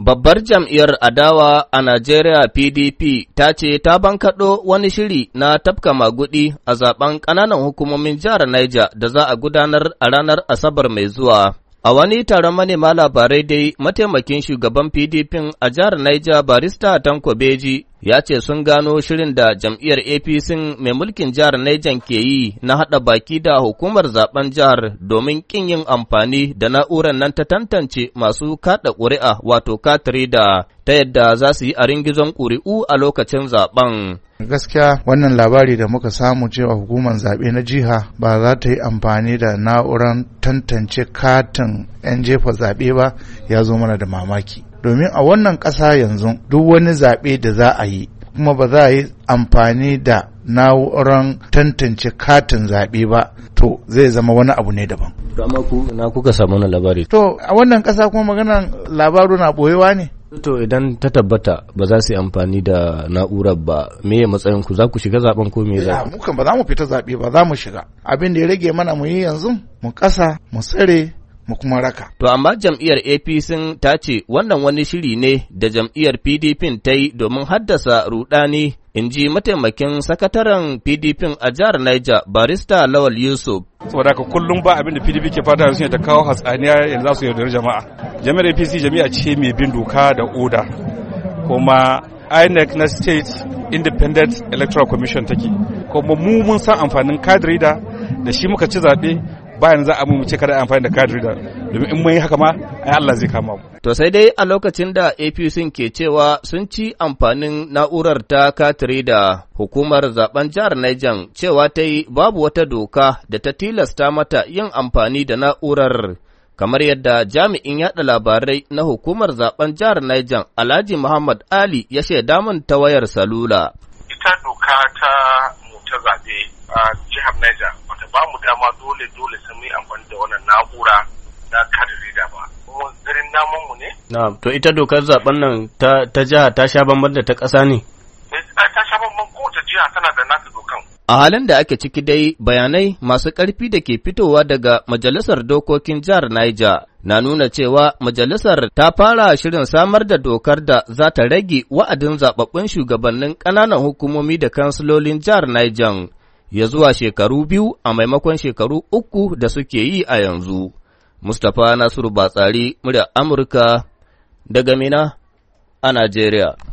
Babbar jam'iyyar adawa a Najeriya PDP ta ce ta bankaɗo wani shiri na tafka magudi a zaben ƙananan hukumomin jihar Niger da za a gudanar a ranar Asabar mai zuwa. A wani taron manema labarai dai mataimakin shugaban PDP a jihar Niger barista Tanko Beji ya ce sun gano shirin da jam'iyyar APC mai mulkin jihar Niger ke yi na haɗa baki da hukumar zaben jihar domin ƙin yin amfani da na'urar nan ta tantance masu kaɗa ƙuri'a wato katiri da ta yadda za su yi a ringizon ƙuri'u a lokacin zaben. Gaskiya wannan labari da muka samu cewa hukumar zaɓe na jiha ba za ta yi amfani da na'urar tantance katin 'yan jefa zaɓe ba ya zo mana da mamaki. domin a wannan ƙasa yanzu duk wani zaɓe da za a yi kuma ba za a yi amfani da na'urar tantance katin zaɓe ba to zai zama wani abu ne daban. na kuka samu na labari. To a wannan ƙasa kuma maganan labaru na ɓoyewa ne. To idan ta tabbata ba za su yi amfani da na'urar ba me matsayin ku za ku shiga zaben ko me za ku? ba za mu fita zaɓe ba za mu shiga. Abin da ya rage mana mu yi yanzu mu ƙasa mu tsare mu kuma raka. To amma jam'iyyar APC ta ce wannan wani shiri ne da jam'iyyar PDP ta yi domin haddasa rudani in ji mataimakin sakataren PDP a jihar Niger barista Lawal Yusuf. Saboda kullum ba abin da PDP ke fata sun ne ta kawo hatsaniya yanzu za su yaudari jama'a. Jami'ar APC jami'a ce mai bin doka da oda kuma INEC na State Independent Electoral Commission take. Kuma mu mun san amfanin kadiri da shi muka ci zaɓe bayan za a mu ce kada amfani da card reader domin in mun yi haka ma ai Allah zai kama mu to sai dai a lokacin da APC ke cewa sun ci amfanin na'urar ta card reader hukumar zaben jihar Niger cewa ta yi babu wata doka da ta tilasta mata yin amfani da na'urar kamar yadda jami'in yaɗa labarai na hukumar zaben jihar Niger Alhaji Muhammad Ali ya shaida mun ta wayar salula ita doka ta mu ta zabe a jihar Niger wata ba mu dama dole dole na'ura na kada rida ba kuma zirin namun mu ne na to ita dokar zaben nan ta jiha ta sha bamban da ta ƙasa ne eh, ta sha ko ta jiha tana da nata dokan a halin da ake ciki dai bayanai masu ƙarfi da ke fitowa daga majalisar dokokin jihar Niger na nuna cewa majalisar ta fara shirin samar da dokar da za ta rage wa'adin zababbun shugabannin ƙananan hukumomi da kansilolin jihar Niger ya zuwa shekaru biyu a maimakon shekaru uku da suke yi a yanzu. Mustapha Nasiru Batsari, murya Amurka daga Mina a Najeriya.